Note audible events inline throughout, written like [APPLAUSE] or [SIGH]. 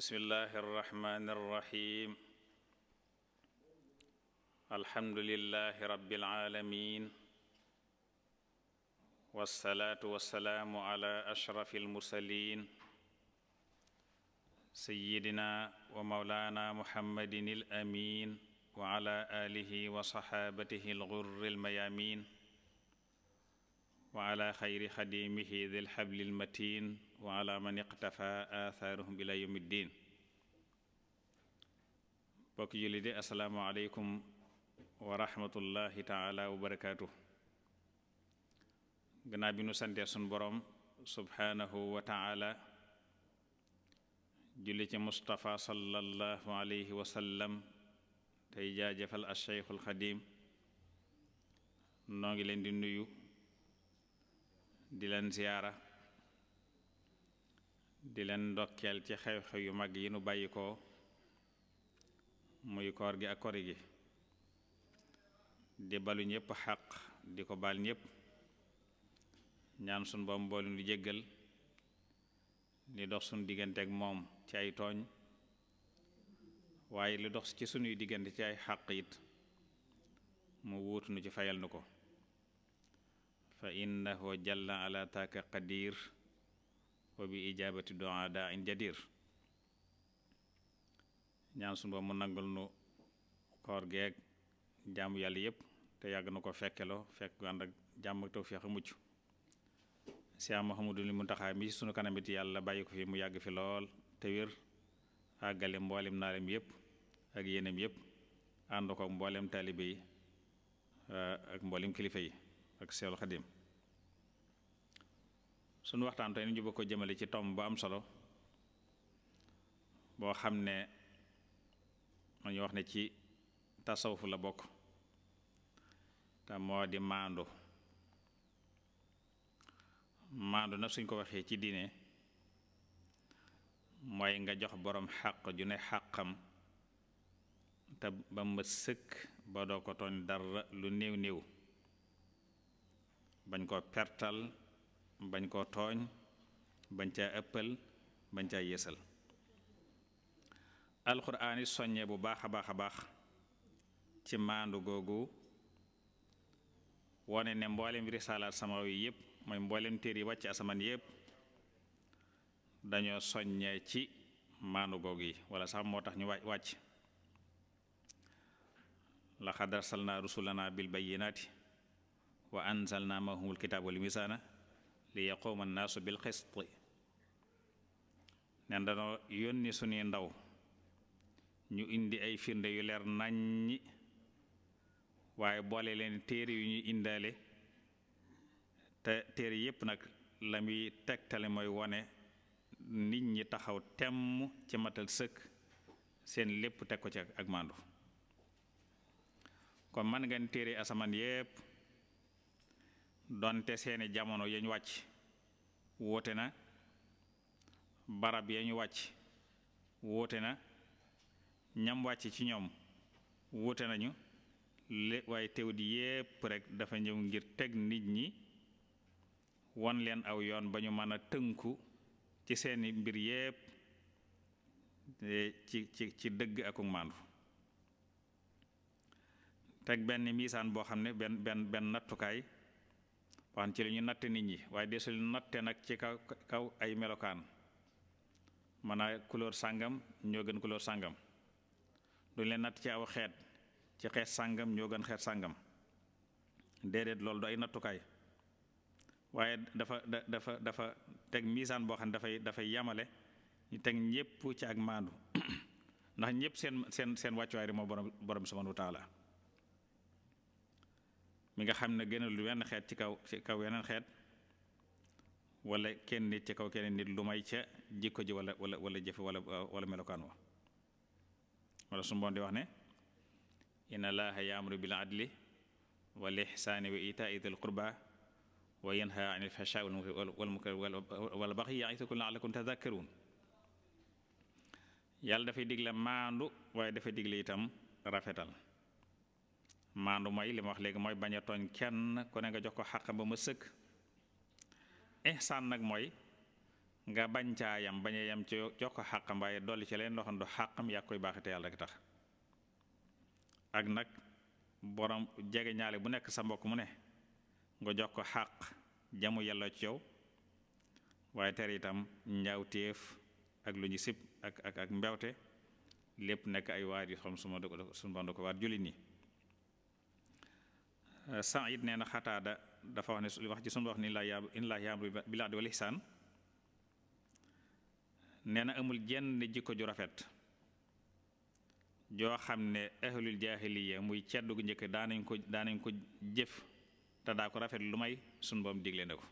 bismillahi arrahmani arrahim alhamdulillahi rabbil alamin wasalaatu wasalaamu ala ashrafi almursalin sayidina wa maulana muhammadin il amin wa ala alihi wa saxaabatihi algurri almayamin wa ala xayri xadimihi di lxabli almatin wa ala man iqtafa atharuhum ila yawmiddin bokk julli di asalaamaaleykum wa rahmatullahi taala wa barakaatu nu santee borom subhaanahu wa taala julli ci alayhi wa sallam tey jaajëfal asheikhul xadim noo ngi leen di nuyu di leen ziyaara di leen ndokkeel ci xew-xew yu mag yi nu bàyyi ko muy koor gi ak kori gi di balu ñëpp xaq di ko baal ñëpp ñaan sun ba mboolu nu jéggal li dox suñu diggante ak moom ci ay tooñ waaye li dox ci sunuy diggante ci ay xaq it mu wuutu nu ci fayal nu ko fa innahu jalla ala taaka qadir wa bi ijaabati duaa daa in jadir ñaan suñu ba mu nangul nu koor geeg jaamu yàlla yëpp te yàgg na ko fekkeloo fekk gu ànd ak jàmm ak tawfeex a mucc Cheikh Mouhamadoul Mountakha mi ci sunu kanamit yàlla bàyyi ko fi mu yàgg fi lool te wér àggale mboolem naalem yépp ak yéenam yëpp ànd ko mboolem taalibe yi euh, ak mboolem kilifa yi ak Seexul Xadim sunu waxtaan tey ñu bëgg ko jëmale ci tomb bu am solo boo xam ne ma ñu wax ne ci tasawuf la bokk te moo di maandu maandu na suñ ko waxee ci diine mooy nga jox boroom xàq ju ne xàqam te ba ma sëkk ba doo ko tooñ dara lu néew néew bañ ko pertal bañ koo tooñ bañ ca ëppal bañ caa yeesal alxuraani soññee bu baax a baax a baax ci maandu googu wone ne mboolem risaalaat samaw yi yëpp mooy mboolem téer yi wàcc asamaan yëpp dañoo soññee ci maandu googu yi wala sax moo tax ñu wàcc laqad arsalnaa rusulanaa bil bayyinaati wa anzalnaa maahumul kitaaba wal miizaana li yaquuma annaasu bil xist nen danoo yónni suñuy ndaw ñu indi ay firnde yu leer nañ ñi waaye boole leen téere yu ñuy indaale te téere yépp nag la muy tegtale mooy wone nit ñi taxaw temm ci matal sëkk seen lépp teg ko ci ak mandu kon man ngeen téere asamaan yépp donte seeni jamono yañ wàcc woote na barab yañu wàcc woote na ñam wàcc ci ñoom woote nañu lé waaye teewut yépp rekk dafa ñëw ngir teg nit ñi won leen aw yoon ba ñu mën a tënku ci seeni mbir yépp e, ci ci ci dëgg akuk maandu teg benn miisaan boo xam ne benn benn benn nattukaay waan ci la ñu natt nit ñi waaye desul nattee nag ci kaw kaw ay melokaan maanaa couleur sàngam ñoo gën couleur sàngam duñ leen natt ci aw xeet ci xeet sàngam ñoo gën xeet sàngam déedéet loolu du ay nattukaay waaye dafa dafa dafa teg misaan boo xam ne dafay dafay yamale ñu teg ñépp ci ak maandu [CLEARS THROAT] ndax ñépp seen seen seen wàccuwaay moo borom borom subhanahu wa mi nga xam ne gënal lu wenn xeet ci kaw ci kaw yeneen xeet wala kenn nit ci kaw keneen nit lu may ca jikko ji wala wala wala jëfe wala melokaan wa wala su mboon di wax ne inna allaha yaamuru bil adli wal ihsaani wa itaa idil qurba wa yanha anil fahshaa wal munkar wal baxyi ya'izukum la'allakum tadhakkaruun yàlla dafay digle maandu waaye dafa digle itam rafetal maandu mooy li ma wax léegi mooy bañ a tooñ kenn ku ne nga jox ko xàqam ba ma sëkk ihsaan nag mooy nga bañ caa yam bañ yam ci jox ko xàqam waaye dolli ci leen loo xam du xàqam yaa koy baaxi te yàlla tax ak nag borom jege bu nekk sa mbokk mu ne nga jox ko xàq jamu yàlla ci yow waaye tere itam njaawteef ak lu ñu sib ak ak ak mbewte lépp nekk ay waar yi xam suma suma band ko waar jullit ñi Saïd nee na xataada dafa wax ne wax ci sunu wax ni laa ya in la yamru bil adli wal ihsaan nee na amul jenn jikko ju rafet joo xam ne ahlul jaahiliya muy ceddu gu njëkk daanañ ko daanañ ko jëf te daa ko rafet lu may sunu boom digle na ko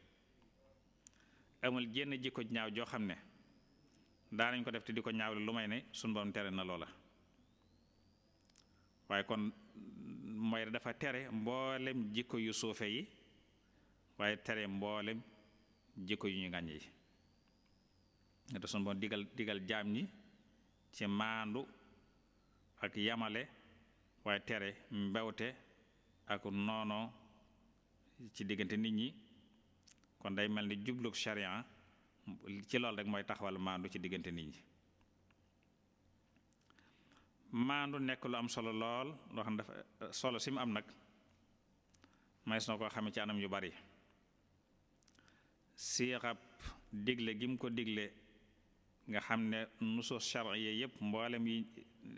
amul jenn jikko ñaaw joo xam ne daanañ ko def te di ko ñaawle lu may ne sunu tere na loola waaye kon mooy dafa tere mboolem jikko yu suufe yi waaye tere mboolem jikko yu ñu ngàññ yi te sunu boom digal digal jaam ñi ci maandu ak yamale waaye tere mbewte ak noono ci diggante nit ñi kon day mel ni jublu sharia ci lool rek mooy taxawal maandu ci diggante nit ñi maandu nekk lu am solo lool loo xam ne dafa solo si mu am nag mayees na koo xamee ci anam yu bari siixab digle gi mu ko digle nga xam ne nusus charia yëpp mboolem yi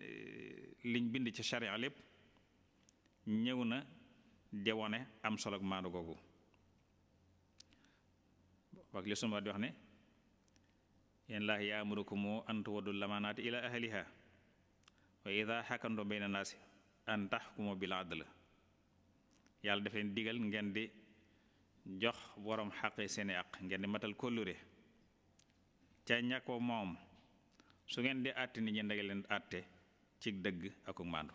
eh, liñ bind ci charia lépp ñëw na di wone am solo ak maandu googu wax li sunu di wax ne yéen ko yaamurukum an tuwaddul amaanaati ila ahliha wa ida xakamtum bayna naasi an taxkumu bil adl yàlla daf leen digal ngeen di jox woroom xaqi seeni àq ngeen di matal kóllure ca ña ko moom su ngeen di àtte nit ñi ndege leen àtte ci dëgg ak maandu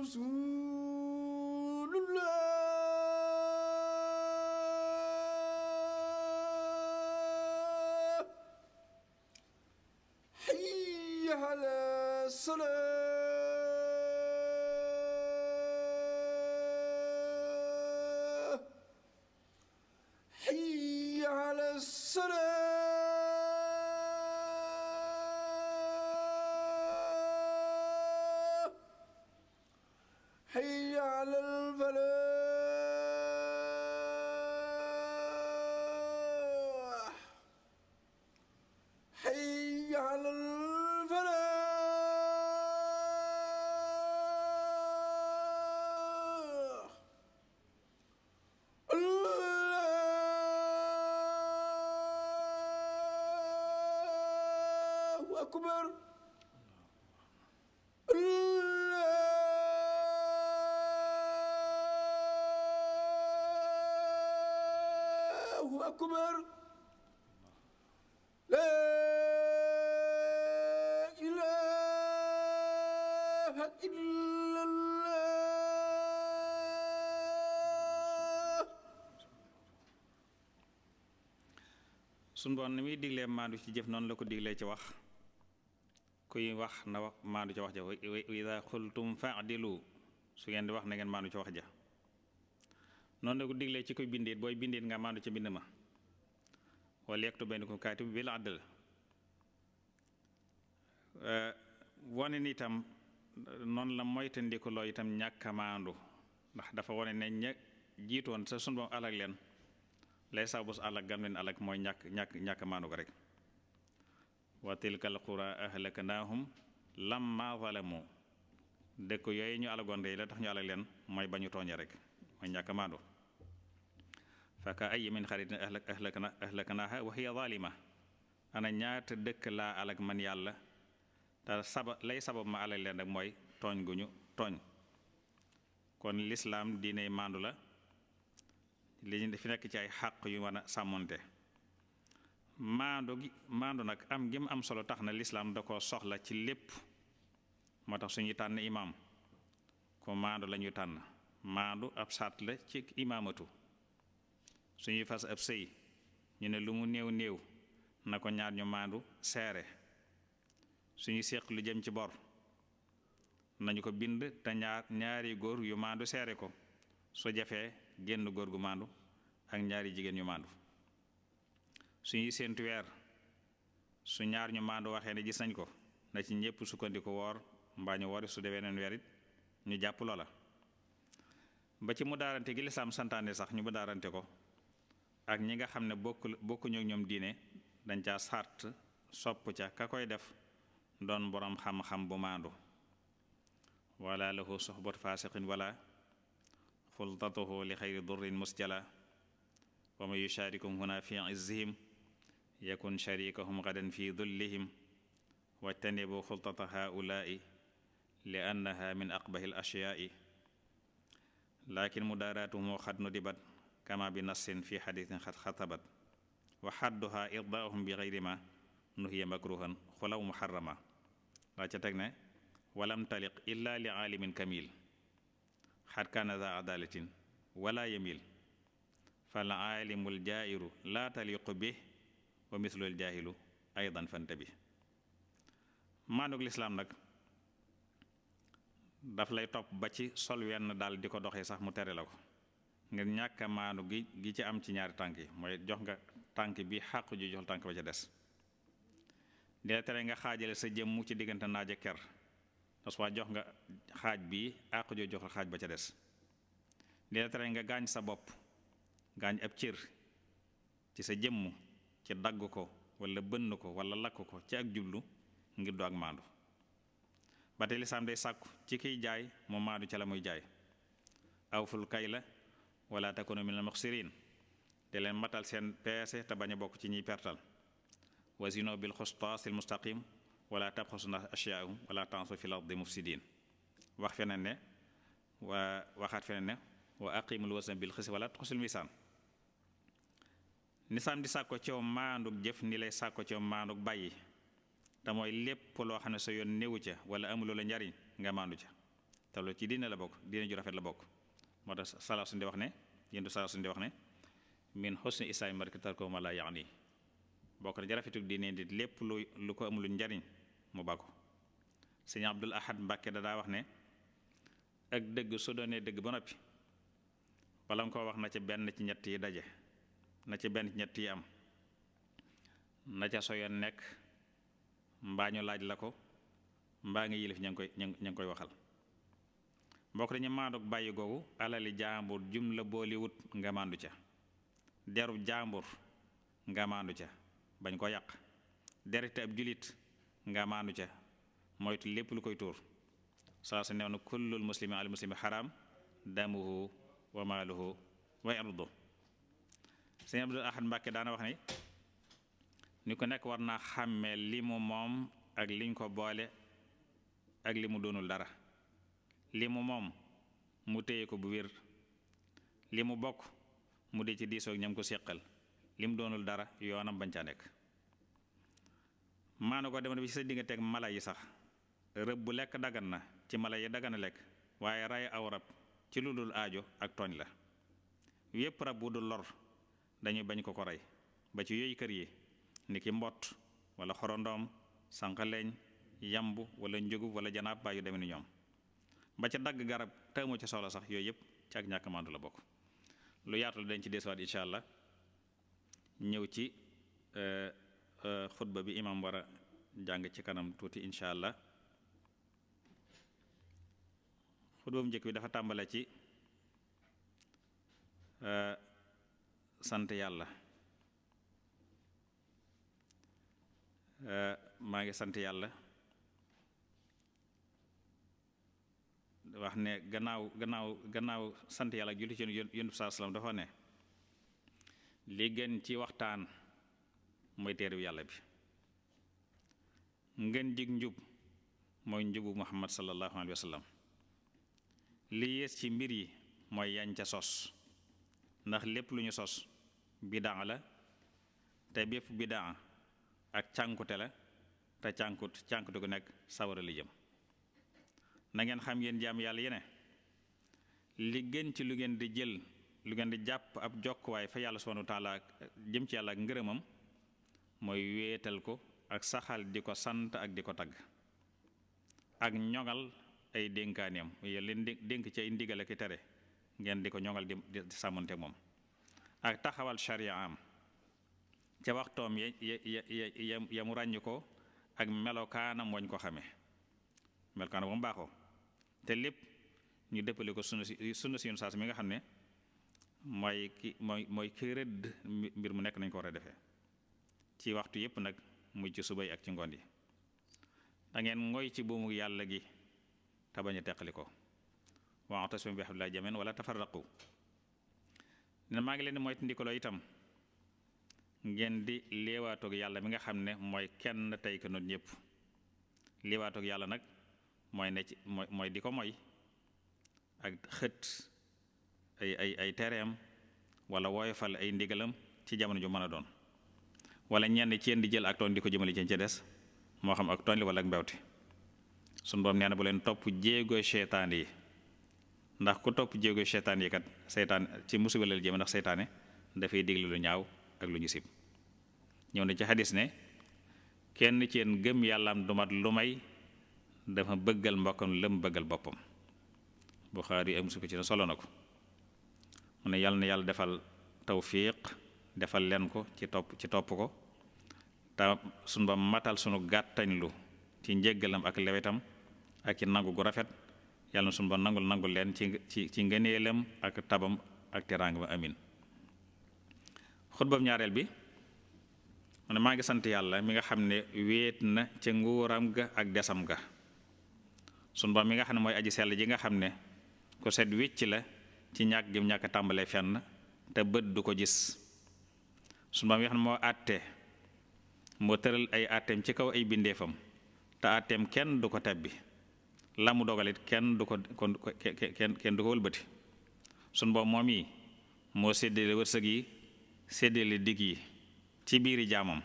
رسول الله حي على الصلاه أكبر الله أكبر لا إله إلا الله sunu ni muy diglee maandu ci jëf noonu la ko diglee ci wax kuy wax na wax maandu ca wax ja wa ida su ngeen di wax na ngeen maandu ca wax ja noonu la ko diglee ci koy bindeet booy bindeet nga maandu ca bind ma wala yeegtu baynakum kaatibu bil adl wane ni itam noonu la moytandiku loo itam ñàkk ndax dafa wane ne jiitoon sa sun bam alag leen lay saabus alag gam leen alag mooy ñàkk ñàkk ñàkk maandu ko rek wa tilka alqura ahlaknaahum lamma zalamu dëkk yooyu ñu alagoon yi la tax ñu alag leen mooy bañu ñu tooñe rek mooy ñàkk maandu fa ay min xaritin ahlakna ahlaknaaha wa hiya zalima ana ñaata dëkk laa alag man yàlla te saba lay sabab ma alag leen rek mooy tooñ gu ñu tooñ kon lislaam dina maandu la li fi nekk ci ay xàq yu war a sàmmonte maandu gi maandu nag am gi am solo tax na lislaam da ko soxla ci lépp moo tax suñuy tànn imaam ku maandu la ñuy tànn maandu ab saat la ci imaamatu suñuy fas ab sëy ñu ne lu mu néew néew na ko ñaar ñu maandu seere suñu séq lu jëm ci bor nañu ko bind te ñaar ñaari góor yu maandu seere ko su jafee génn góor gu maandu ak ñaari jigéen yu maandu suñuy séentu weer su ñaar ñu maandu waxee ne gis nañ ko na ci ñëpp sukkandiku woor mbaa ñu wori su dee weneen weer ñu jàpp loola ba ci mu daarante gi lislaam santaane sax ñu mu daarante ko ak ñi nga xam ne bokk bokkuñu ñoom diine dañ caa sart sopp ca ka koy def doon boroom xam-xam bu maandu wala lahu soxbat fasiqin wala xultatuhu li xayri durrin musjala wa man yusharikum huna fi izzihim yakun sharikahum gadan fi dullihim wajtanibu xultata haulaai li annaha min aqbahi l ashyaai lakin mudaaraatuhum xadnu dibat kama bi nassin fi xadisin xat xatabat wa xadduha irdaahum bi gayri ma nuhiya makruhan xulaw muharrama daa ca teg ne walam taliq illa li aalimin kamil xat kaana za adalatin wala yamil fal aalimul jairu laa taliqu bih wa mislul jaahilu aydan fante bi maanug lislaam nag daf lay topp ba ci sol wenn daal di ko doxee sax mu tere la ko ngir ñàkk maanu gi gi ci am ci ñaari tànk yi mooy jox nga tànk bi xàqu ji jox tànk ba ca des dina tere nga xaajale sa jëmm ci diggante naaj ker parce que jox nga xaaj bi àqu ji jox xaaj ba ca des dina tere nga gaañ sa bopp gaañ ab cër ci sa jëmm ci dagg ko wala bënn ko wala lakk ko ci ak jublu ngir du ak maandu ba tey lislaam day sàkku ci kiy jaay mu maandu ca la muy jaay awful kay la wala takunu minal muxsirin te leen matal seen peese te bañ a bokk ci ñiy pertal wasino bil xustaasil mustaqim wala tabxasu na ashiyaahum wala tansu fil ardi mufsidin wax feneen ne wa waxaat feneen ne wa aqimul wasna bil xis wala tuxsil misaan ni sam di sàkko cew maanduk jëf ni lay sàkko cew maanduk bàyyi te mooy lépp loo xam ne sa yoon néewu ca wala amuloo la njariñ nga maandu ca te loolu ci diine la bokk diine ju rafet la bokk moo tax salaa suñ di wax ne yéndu salaa suñ di wax ne min xusni isaay ma la yaani bokk na ci rafetuk diine di lépp lu lu ko njariñ mu bàkku sëñ Abdul Ahad Mbàkke da daa wax ne ak dëgg su dëgg ba noppi bala nga koo wax na ca benn ci ñett yi daje na ca benn ñett yi am na ca so yoon nekk mbaa ñu laaj la ko mbaa nga yilif ña ngi koy ña ngi koy waxal mbokk dañu maanduk bàyyi googu alali jaambur jumla booliwut nga maandu ca derub jaambur nga maandu ca bañ ko yàq derete ab julit nga maandu ca moytu lépp lu koy tuur saa sa neew na kullul muslimi al muslimi xaraam damuhu wa maaluhu wa ardu sëñ Abdul Ahad Mbàkke daana wax ni ni ku nekk war naa xàmmee li mu moom ak liñ ko boole ak li mu doonul dara li mu moom mu téye ko bu wér li mu bokk mu dee ci diisoog ñam ko séqal li mu doonul dara yoonam bañ ca nekk maana ko demal bi ci sa digganteeg mala yi sax rëbb bu lekk dagan na ci mala yi dagan na lekk waaye ray aw rab ci lu dul aajo ak tooñ la yépp rab bu dul lor dañu bañ ko ko rey ba ci yooyu kër yi ki mbott wala xorondoom sànqaleñ yamb wala njugub wala janaab baa yu demee ni ñoom ba ca dagg garab te tawma ci soxla sax yooyu yëpp ci ak ñàkk la bokk lu yaatu la dañ ci desuwaat incha allah ñëw ci euh, euh, xutba bi imam war jàng ci kanam tuuti incha allah xutba bu njëkk bi dafa tàmbale ci euh, sant yàlla eh, maa ngi sant yàlla wax ne gannaaw gannaaw gannaaw sant yàlla julli ci yonent bi salaam dafa ne li gën ci waxtaan mooy téere bi yàlla bi ngeen jig njub mooy njubu muhammad sallallahu alayhi wa li yées ci mbir yi mooy yañ ca sos ndax lépp lu ñu sos bidaa la te bépp bidaa ak cànkute la te cànkut cànkute gu nekk sawara li jëm na ngeen xam yéen jaam yàlla yene li gën ci lu ngeen di jël lu ngeen di jàpp ab jokkuwaay fa yàlla subhanahu wa taala jëm ci yàlla ak ngërëmam mooy wéetal ko ak saxal di ko sant ak di ko tagg ak ñoŋal ay dénkaaneem yéen leen dénk ci ay ndigal ak i tere ngeen di ko ñoŋal di sàmmante moom ak taxawal sharia am ca waxtoom ya ya ya mu ràññ ko ak melokaanam wañ ko xame melokaanam ba mu baaxoo te lépp ñu dëppale ko sunna si sunna si yoon mi nga xam ne mooy ki mooy mooy ki mbir mu nekk nañ ko war a defee ci waxtu yépp nag muy ci subay ak ci ngoon yi dangeen ngeen ngoy ci buumu yàlla gi te bañ a teqali ko wa'tasimu bi hablillahi jamii'an wala tafarraqu ne maa ngi leen di moytandikuloo itam ngeen di léewaatoog yàlla bi nga xam ne mooy kenn tey ko noonu ñëpp léewaatoog yàlla nag mooy ne ci mooy di ko moy ak xët ay ay ay tereem wala woyofal ay ndigalam ci jamono ju mën a doon wala ñenn ci yéen di jël ak tooñ di ko jëmale ci ca des moo xam ak tooñ li wala ak mbewte sunu borom nee na bu leen topp jéego seytaan yi ndax ku topp jéego seytaan yi kat seytaan ci musiba la jëm ndax seytaane dafay digle lu ñaaw ak lu ñu sib ñëw na ci xadis ne kenn ci yéen gëm yàllaam du mat lu may dafa bëggal mbokkam lëm bëggal boppam Buxaari am su ko ci ne solo na ko mu ne yàlla na yàlla defal tawfiq defal leen ko ci topp ci topp ko te sun ba matal sunu gàttañlu ci njëggalam ak lewetam ak ci nangu gu rafet yàlla na sunu ba nangul nangul leen ci ci ci ngëneelam ak tabam ak teraanga ba amin xutbam ñaareel bi mu maa ngi sant yàlla mi nga xam ne wéet na ca nguuram ga ak desam ga sun ba mi nga xam ne mooy aji sell ji nga xam ne ku set wécc la ci ñàkk gi mu ñàkk tàmbalee fenn te bët du ko gis sunu ba mi nga xam ne moo àtte moo tëral ay àtteem ci kaw ay bindeefam te àtteem kenn du ko tebbi la mu dogal it kenn du ko kon kenn kenn du ko wëlbati suñ boobu moom yi moo séddale wërsëg yi séddale digg yi ci biiru jaamam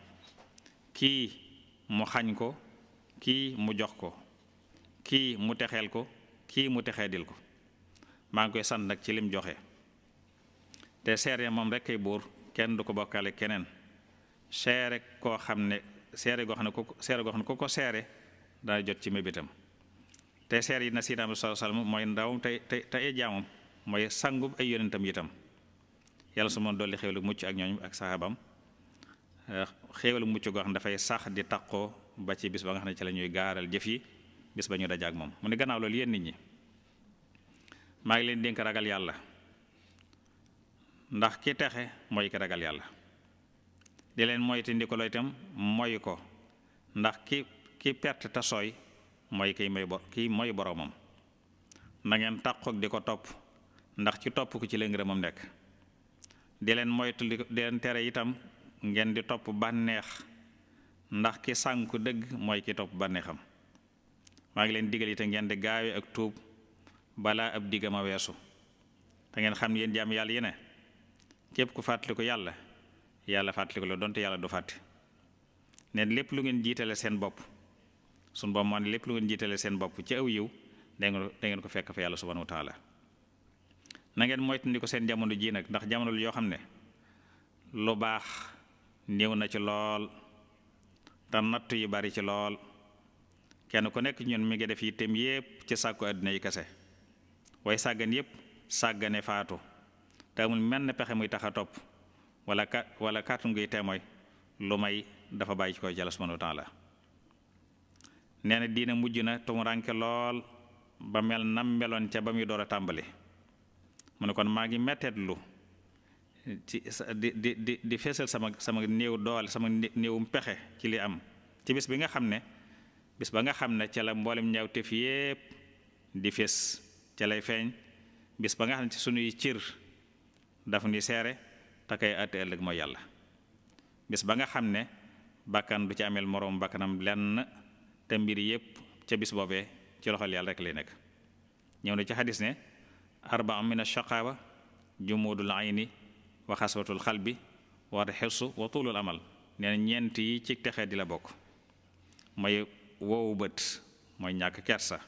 kii mu xañ ko kii mu jox ko kii mu texeel ko kii mu texee dil ko maa ngi koy sant nag ci lim joxe te seere moom rek kay buur kenn du ko bokkale keneen seere koo xam ne seere goo xam ne ko seere ne ku ko seere dana jot ci mébitam te seer yi na Sayyidina Muhammad sallallahu alayhi wasallam mooy ndawam te te te ay mooy sangub ay yonentam itam yàlla su moon dolli xéewalu mucc ak ñooñu ak saxaabam eh, xéewalu mucc goo xam dafay sax di taqoo ba ci bis ba nga xam ne ci lañuy gaaral jëf yi bis ba ñu dajaak moom mu ne gannaaw loolu yéen nit ñi maa ngi leen dénk ragal yàlla ndax ki texe mooy ki ragal yàlla di leen moytandi ko looy moy ko ndax ki ki perte te mooy kiy may bor kiy mooy boroomam na ngeen di ko topp ndax ci topp ku ci la ngërëmam nekk di leen moytu di leen tere itam ngeen di topp bànneex ndax ki sànku dëgg mooy ki topp bànneexam maa ngi leen digal itam ngeen di gaawe ak tuub balaa ab diggam a weesu te ngeen xam yéen jaam yàlla yi ne képp ku fàttaliku yàlla yàlla fàttaliku la donte yàlla du fàtte ne lépp lu ngeen jiitale seen bopp suñu borom moo lépp lu ngeen jiitale seen bopp ci aw yiw da ko fekk fa yàlla subhanahu wa taala na ko seen jamono jii nag ndax jamono yoo xam ne lu baax néew na ci lool te natt yu bari ci lool kenn ku nekk ñun mi ngi def yitteem yépp ci sàkku àddina yi kese waaye sàggan yépp sàggane faatu te amul menn pexe muy tax a topp wala kat wala kàttun guy teemooy lu may dafa bàyyi ci koy ci yàlla subhanahu wa nee na diina mujj na tumuranke lool ba mel nam meloon ca ba muy door a tàmbali mu ne kon maa ngi metteetlu ci di di di di feesal sama sama néew doole sama néewum pexe ci li am ci bis bi nga xam ne bis ba nga xam ne ca la mboolem ñaawteef yépp di fees ca lay feeñ bis ba nga xam ne ci sunuy cir dafa ni seere te koy àtte ëllëg mooy yàlla bis ba nga xam ne bakkan ci ameel moroom bakkanam lenn te mbir yépp ca bis boobee ci loxol yàlla rekk lay nekk ñëw na ci xadis ne arba min ashaqaawa jumudul ayni wa xaswatul xalbi wa xirsu wa tuulul amal nee ñeent yi ci texe di la bokk mooy wowu bët mooy ñàkk kersa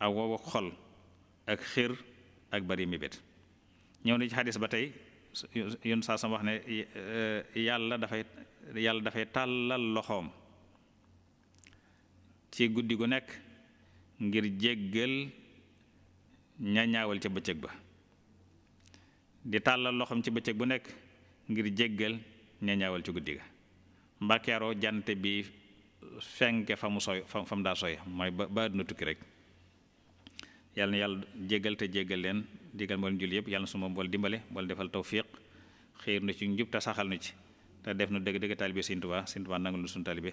ak wowu xol ak xir ak bari mi ñëw na ci xadis ba tey yun saa sam wax ne yàlla dafay yàlla dafay tàllal loxoom ci guddi gu nekk ngir jéggal ñañaawal ca bëccëg ba di tàllal loxoom ci bëccëg bu nekk ngir jéggal ña ñaawal ci guddi ga mbakeeroo jant bi fenke fa mu soy fa mu daa soy mooy ba ba àdduna tukki rek yàlla na yàlla jéggal te jéggal leen digal mboolem julli yëpp yàlla na su ma bool dimbale bool defal tawfiq xiir na ci njub te saxal na ci te def na dëgg dëgg taalibe Sëriñ Tuubaa Sëriñ Tuubaa nangul nu suñu taalibe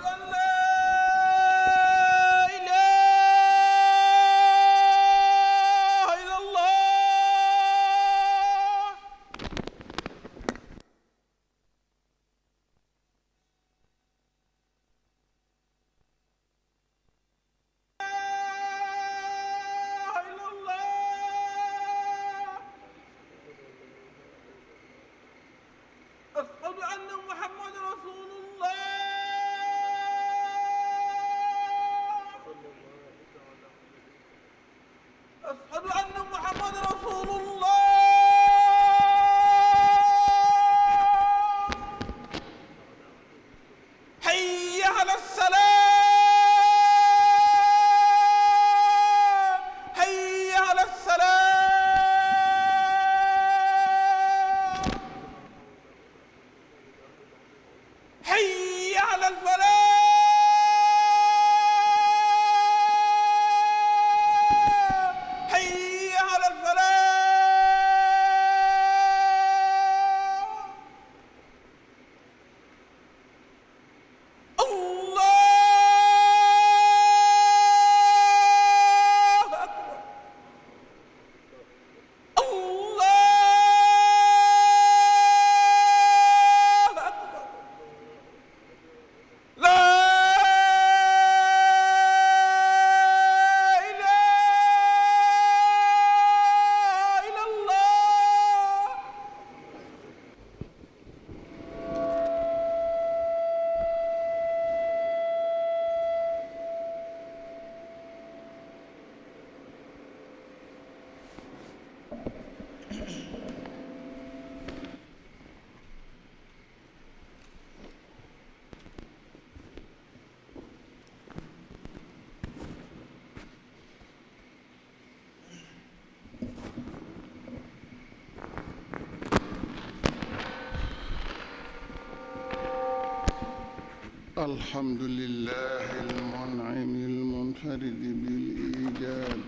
الحمد لله المنعم المنفرد بالإيجاد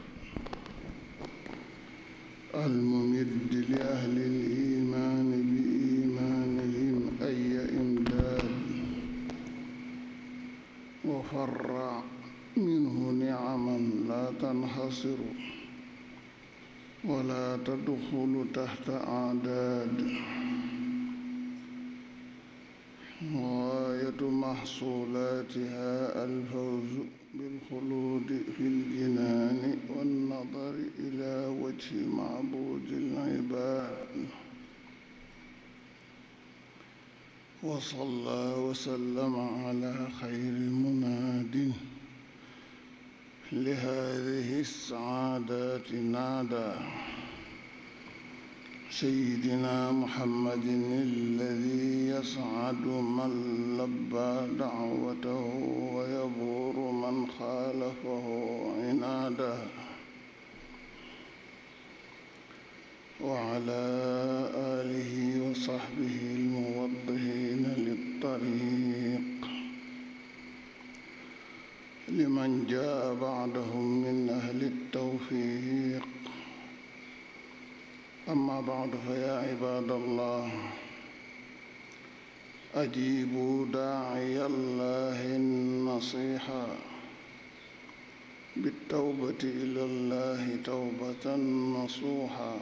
الممد لأهل الإيمان بإيمانهم أي إمداد وفرع منه نعما لا تنحصر ولا تدخل تحت أعداد غاية محصولاتها الفوز بالخلود في الجنان والنظر إلى وجه معبود العباد وصلى وسلم على خير مناد لهذه السعادات نادى سيدنا محمد الذي يصعد من لبى دعوته ويبور من خالفه عناده وعلى آله وصحبه الموضحين للطريق لمن جاء بعدهم من أهل التوفيق أما بعد فيا عباد الله أجيبوا داعي الله النصيحة بالتوبة إلى الله توبة نصوحا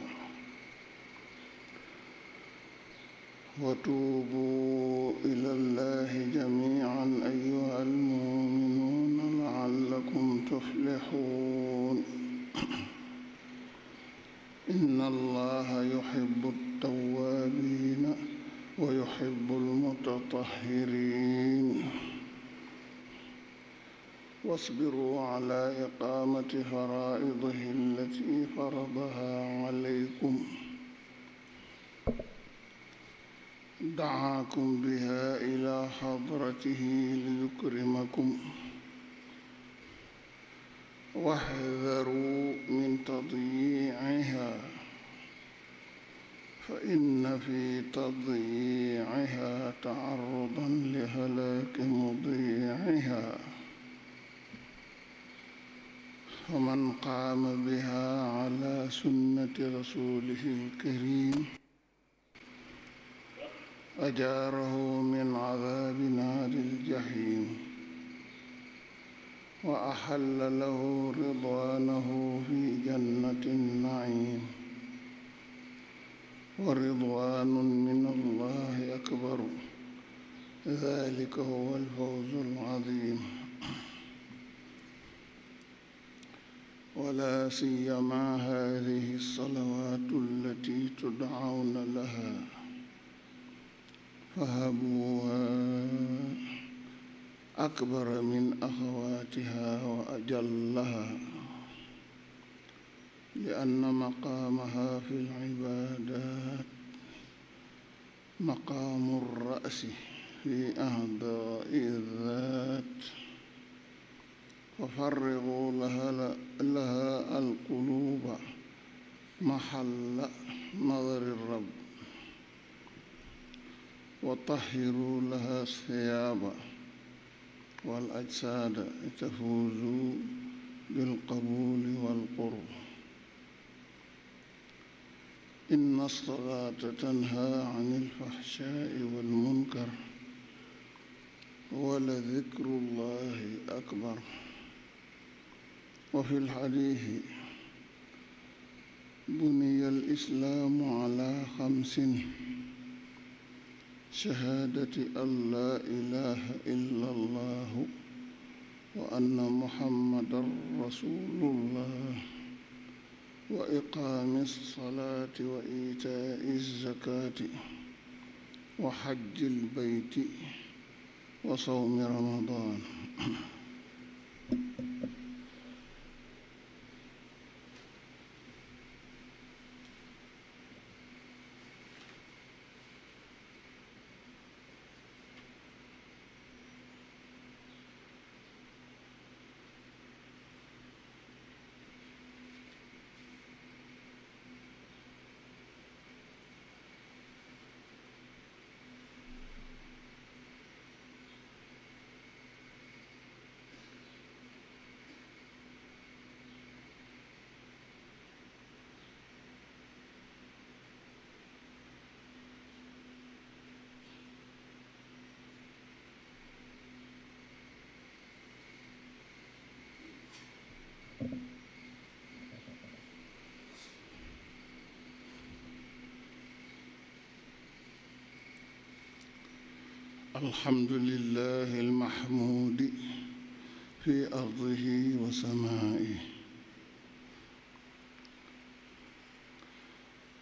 وتوبوا إلى الله جميعا أيها المؤمنون لعلكم تفلحون inna allaha yuhibbu at-tawwaabiina wa yuhibbu al-mutatahhiriin wasbiruu calaa iqaamati faraa'idihi allatii faradahaa calaykum dacaakum bihaa ilaa hadratihi liyukrimakum واحذروا من تضييعها فإن في تضييعها تعرضا لهلاك مضيعها فمن قام بها على سنة رسوله الكريم أجاره من عذاب نار الجحيم وأحل له رضوانه في جنة النعيم ورضوان من الله أكبر ذلك هو الفوز العظيم ولا سيما هذه الصلوات التي تدعون لها فهبوها akbar min axawaatiha wa ajallaha li anna maqaamaha fi lcibaadaat maqaamu rrasi fi ahdaai daat fa farriquu laha alquluuba maxalla nadari rab wa tahhiruu laha siyaaba والأجساد تفوزوا بالقبول والقرب إن الصلاة تنهى عن الفحشاء والمنكر ولذكر الله أكبر وفي الحديث بني الإسلام على خمس shahaadati an laa ilaha illa allahu wa anna muhammadan rasulullah wa iqaami salaati wa iitaai zakaati wa xajji lbayti wa sawmi ramadan الحمد لله المحمود في أرضه وسمائه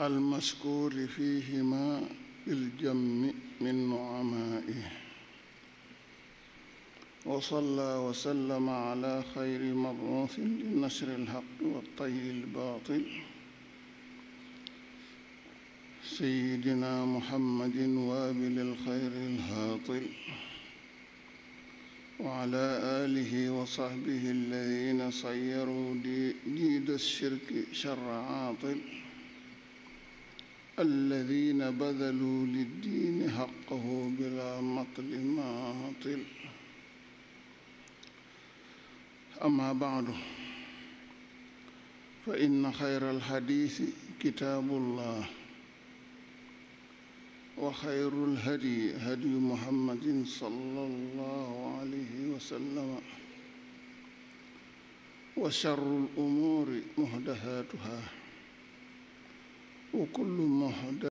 المشكور فيهما بالجم من نعمائه وصلى وسلم على خير مبعوث لنشر الحق والطي الباطل سيدنا محمد وابل الخير الهاطل وعلى آله وصحبه الذين صيروا ديد الشرك شر عاطل الذين بذلوا للدين حقه بلا مطل ماطل أما بعد فإن خير الحديث كتاب الله وخير الهدي هدي محمد صلى الله عليه وسلم وشر الأمور محدثاتها وكل محدث